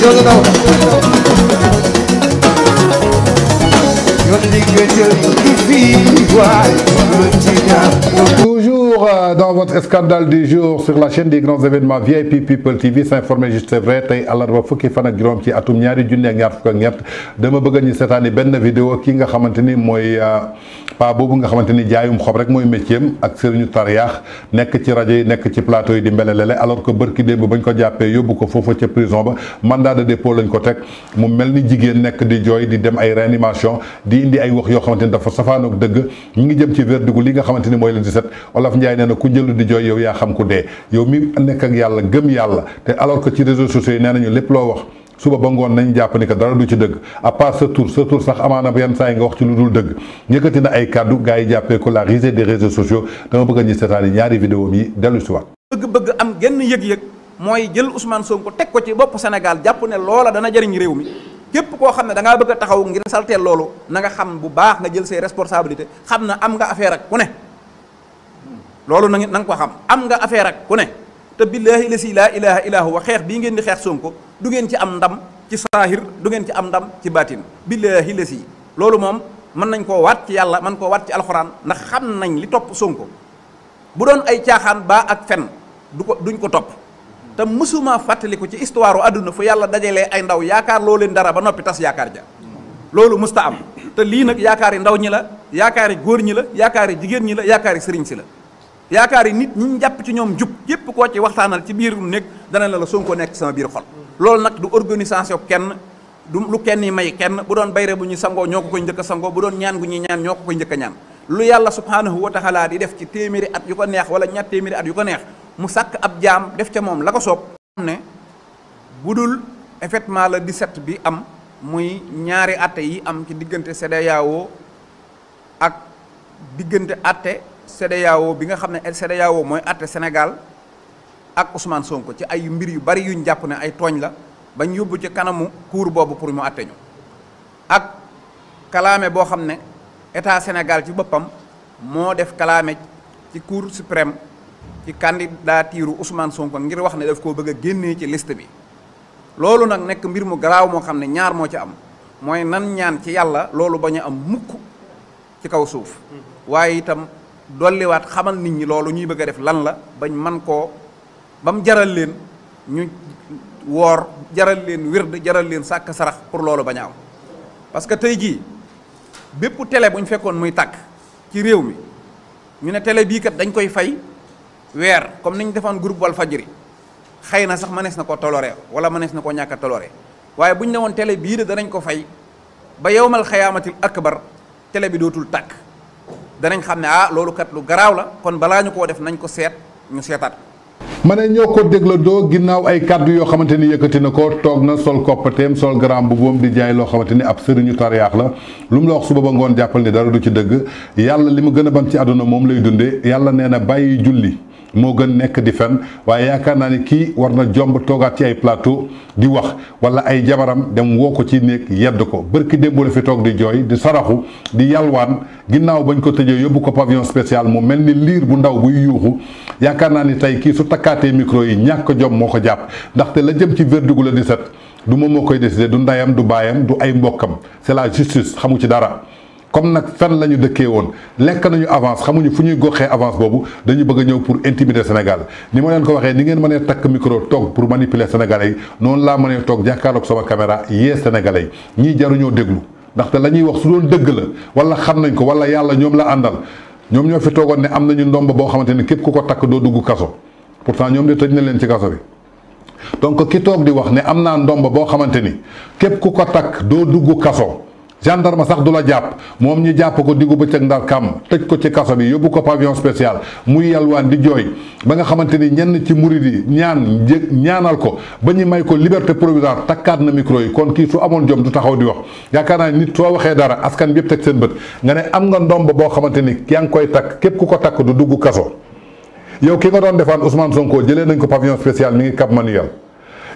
jël na yoon di nga jël di fii waay lu ci ñaar Toujours euh, dans votre scandale du jour sur la chaîne des grands événements VIP People TV s'informer juste vrai tey àllarba fukki fan ak juróom ci atum ñaari junni ak ñaar fukk ak ñet. dama bëgg ñu sétane ben vidéo ki nga xamanteni moy euh, pa bobu nga xamanteni jaayum xob rek moy métier ak Serigne tariyaax nek ci radio yi nekk ci plateau yi di mbelelele alors que barki démb bañ ko jappé yóbbu ko fofu ci prison ba mandat de dépôt lañ ko tek mu melni jigen nek di joy di dem ay réanimation di indi ay wax yo xamanteni dafa safanok deug ñi ngi jëm ci verdigu li nga xamanteni moy mooy ci di set Olaf Ndiaye Ndiaye nee na ku jëlu di jooy yow yaa xam ku dee yow mi nekk ak yàlla gëm yàlla te alors que ci réseaux sociaux yi nee nañu lépp loo wax suba ba ngoon nañ jàpp ni que dara du ci dëgg à part sa tour sa tour sax amaana yenn saa yi nga wax ci lu dul dëgg yëkkati na ay kàddu gars yi jàppee ko la risée des réseaux sociaux dama bëgg a ñu seetaan yi ñaari vidéo yi dellu si waat bëgg-bëgg am genn yëg-yëg mooy jël Ousmane Sonko teg ko ci bopp Sénégal jàpp ne loola dana jëriñ réew mi képp koo xam ne da ngaa bëgg taxaw ngir salteel loolu na nga xam bu baax nga jël say responsabilité xam na am nga affaire ak ku ne loolu na nga ko xam am nga affaire ak ku ne te billaahi la si laa ilaha illa huwa xeex bii ngeen di xeex Sonko du ngeen ci am ndam ci saahir du ngeen ci am ndam ci baatin billaahi la si loolu moom mën nañ koo waat ci yàlla mën koo waat ci alxuraan ndax xam nañ li topp Sonko bu doon ay caaxaan baa ak fen du ko duñ ko topp te mësuma fàttaliku ci histoire àdduna fu yàlla dajalee ay ndaw yaakaar loo leen dara ba noppi tas yaakaar ja loolu mësta am te lii nag yaakaari ndaw ñi la yaakaari góor ñi la yaakaari jigéen ñi la yaakaari sëriñ si la yaakaar yi nit ñi jàpp ci ñoom jub yépp koo ci waxtaanal ci biir nekk dana la la ko nekk sama biir xol loolu nag du organisation kenn du lu kenn yi may kenn bu doon bayre bu ñu sangoo ñoo ko koy njëkk sangoo bu doon ñaan gu ñuy ñaan ñoo ko koy njëkk a ñaan lu yàlla subhaanahu wa taala di def ci téeméeri at yu ko neex wala ñaar téeméeri at yu ko neex mu sàkk ab jaam def ca moom la ko soob ne bu dul effectivement la 17 bi am muy ñaari atte y am ci diggante CEDEAO ak diggante atte CEDEAO bi nga xam ne CEDEAO mooy àtte senegal ak Ousmane Sonko ci ay mbir yu bari yuñ jàpp ne ay tooñ la bañ yóbbu ci kanamu cour boobu pour mu àtte ñu ak kalaame boo xam ne état Sénégal ci boppam moo def kalaame ci cour suprême ci candidature Ousmane Sonko ngir wax ne daf koo bëgg a génnee ci liste bi loolu nag nekk mbir mu garaaw moo xam ne ñaar moo ci am mooy nan ñaan ci yàlla loolu bañ a am mukk ci kaw suuf mm-hmm. waaye itam dolliwaat xamal nit ñi loolu ñuy bëgg a def lan la bañ man koo ba mu jaral leen ñu woor jaral leen wird jaral leen sàkk sarax pour loolu bañ a am parce que tey jii bépp télé bu ñu fekkoon muy tàkk ci réew mi ñu ne télé bii kat dañ koy fay weer comme ni ñu defoon groupe wal fajri xëy na sax mënees na koo toloree wala mënees na koo ñàkk a waaye bu ñu ne woon télé bii de danañ ko fay ba yowmal xayaamatil bar tele bi dootul takk danañ xam ne ah loolu kat lu garaaw la kon balaa ñu koo def nañ ko seet ñu seetaat ma ne ñoo ko doo ginnaaw ay kàddu yoo xamante ni yëkkati na ko toog na sol koppateem sol garaam bu boom di jaay loo xamante ni ab sëriñu tariyaax la lu mu la wax suba ba ngoon jàppal ni dara du ci dëgg yàlla li mu gën a ban ci àdduna moom lay dundee yàlla nee na bàyyi julli moo gën nekk di fen waaye yaakaar naa ni kii war na jomb toogaat ci ay plateau di wax wala ay jabaram dem woo ko ci néeg yedd ko bërki démb la fi toog di jooy di saraxu di yalwaan ginnaaw bañ ko tëjee yóbbu ko pavillon spécial mu mel ni liir bu ndaw buy yuuxu yaakaar naa ni tey kii su takkaatee micro yi ñàkk jom moo ko jàpp ndaxte la jëm ci verdict la di set du moom moo koy décider du ndayam du baayam du ay mbokkam c'est la justice xamu ci dara comme nag fen la ñu dëkkee woon lekk nañu avance xamuñu fu ñuy goxee avance boobu dañu bëgg ñëw pour intimider Sénégal ni ma leen ko waxee ni ngeen mënee takk micro toog pour manipuler sénégalais yi noonu laa mënee toog jàkkaarloog sama caméra yee sénégalais yi ñii jaruñoo déglu ndaxte la ñuy wax su doon dëgg la wala xam nañ ko wala yàlla ñoom la àndal ñoom ñoo fi toogoon ne am nañu ndomb boo xamante ni képp ku ko takk doo dugg kaso pourtant ñoom de tëj na leen ci kaso bi. donc ki toog di wax ne am naa ndomb boo xamante ni képp ku ko takk doo dugg kaso. gendarme sax dula japp mom ñu japp ko diggu ak ndal kam tëj ko ci kasso bi yobbu ko pavillon spécial muy yalwaan di joy ba nga xamanteni ñen ci mouride ñaan ñaanal ko ba ñu may ko liberté provisoire takkat na micro yi kon ki su amon jom du taxaw di wax yaakaar nit to waxe dara askan bi yëpp teg seen beut nga ne am nga ndomb bo xamanteni yang koy tak kep ku ko tak du dugg kaso yow ki nga doon defaan Ousmane Sonko jele nañ ko pavillon spécial mi ngi Cap Manuel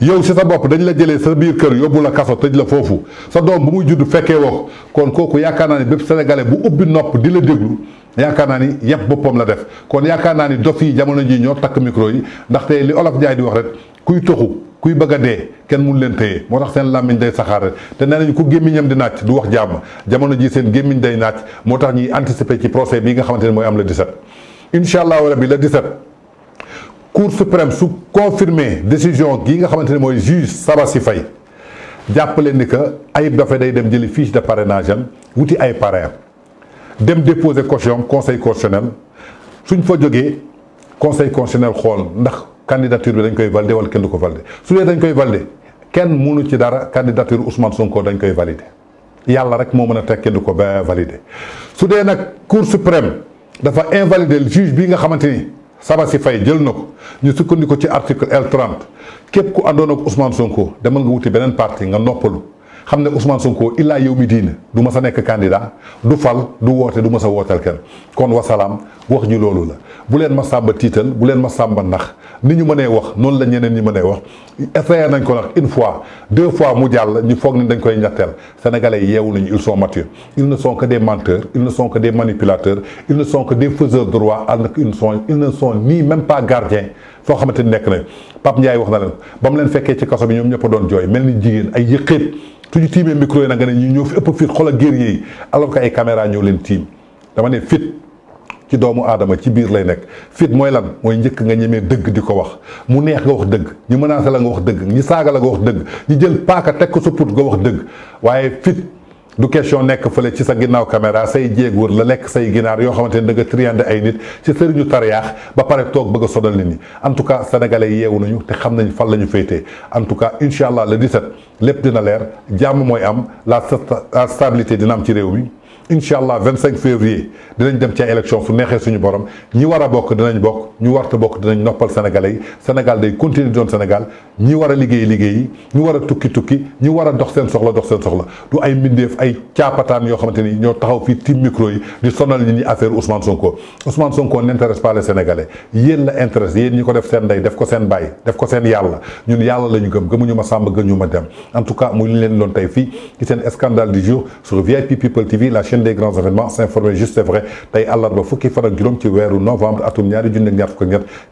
yow si sa bopp dañ la jëlee sa biir kër yóbbu la kaso tëj la foofu sa doom bu muy judd fekkee woo kon kooku yaakaar naa ni bépp sénégalais bu ubbi nopp di la déglu yaakaar naa ni yëpp boppam la def kon yaakaar naa ni dof yi jamono jii ñoo takk mikro yi ndaxte li olof Njaay di wax rek kuy toxu kuy bëgg dee kenn mun leen téye moo tax seen làmmiñ day saxaar te nee nañ ku gémmiñam di naaj du wax jàmm jamono ji seen gémmiñ day naaj moo tax ñuy anticiper ci procès bi nga xamante ne mooy am le 17 incha allahu rabi le 17 cour suprême su confirmé décision gi nga xamanteni moy juge Sabassi Faye jàpp ni que Ayib Daffé day dem jëli fiche de parrainage am wuti ay parrain dem déposer caution conseil constitutionnel suñ fa joggé conseil constitutionnel xol ndax candidature bi dañ koy valider wala kenn du ko valider su dee dañ koy valider kenn mënu ci dara candidature Ousmane Sonko dañ koy valider yalla rek mo mën a teg du ko ba valider su dé nak cour suprême dafa invalider juge bi nga xamanteni si fay jël na ko ñu sukkandiku ci article L30 képp ku àndoon ak Ousmane Sonko demal nga wuti beneen parti nga noppalu. xam ne Ousmane Sonko illaa yow mi diine du ma sa nekk candidat du fal du woote du ma sa wooteel kenn kon wasalaam wax ji loolu la bu leen ma sàmba tiital bu leen ma sàmba nax ni ñu mënee wax noonu la ñeneen ñi mënee wax essayé nañ ko nag une fois deux fois mu jàll ñu foog ni dañ koy ñetteel sénégalais yeewu nañu ils sont matures ils ne sont que des menteurs ils ne sont que des manipulateurs ils ne sont que des faiseurs de roi alors qu'ils ne sont ils ne sont ni xamante ni nekk nañ Pape wax na leen ba leen fekkee ci kaso bi ñoom ñëpp doon jooy mel ni jigéen ay yëqeet suñu tiimee micro yi nag nga ne ñu ñoo fi ëpp fit xoolal guerrier yi alors que ay caméra ñoo leen tiim dama ne fit ci doomu aadama ci biir lay nekk fit mooy lan mooy njëkk nga ñemee dëgg di ko wax mu neex nga wax dëgg ñu menacé la nga wax dëgg ñu saaga la nga wax dëgg ñu jël paaka teg ko sa put nga wax dëgg waaye fit du question nekk fële ci sa ginnaaw caméra say jéegur la nekk say ginaar yoo xamante ni da nga triande ay nit ci sëriñu tariyaax ba pare toog bëgg a sonal nit ñi en tout cas sénégalais yeewu nañu te xam nañ fan la ñu féetee en tout cas incha allah le 17 lépp dina leer jàmm mooy am la stabilité dina am ci réew mi. Inch'Allah 25 février dinañ dem ci élection fu nexé suñu borom ñi wara bok dinañ bok ñu warta bok dinañ noppal sénégalais Sénégal day continuer doon Sénégal ñi Wara liggéey liggéey ñu wara tukki tukki ñi wara dox seen soxla dox seen soxla du ay mbindeef ay caapataan yo xamanteni ñoo taxaw fi tim micro yi di sonal ñi affaire Ousmane Sonko Ousmane Sonko n'intéresse pas les sénégalais yéen la intéresse yéen ñi ko def seen ndey def ko seen baay def ko seen yalla ñun yalla lañu gëm gëmuñu ma sàmb gëmuñu ma dem en tout cas muy li leen doon tay fi ci seen scandale du jour sur VIP People TV la chaîne des grands événements s'informer juste et vrai fukki ci novembre à novembre à tout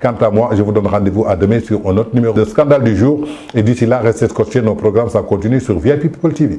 quant à moi je vous donne rendez-vous à demain sur un autre numéro de scandale du jour et d'ici là restez scotchés nos programmes ça continue sur VIP People TV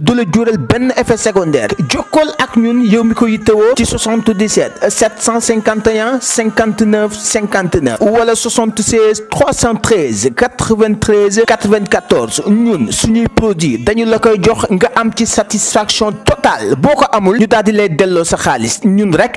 D'où le durel ben effet secondaire jokkool ak ñun yow ko 77 751 59 59 Ou la 76 313 93 94 ñun suñuy produit dañu la koy jox nga am satisfaction totale Si vous amul ñu daal vous lay delloo sa ñun rek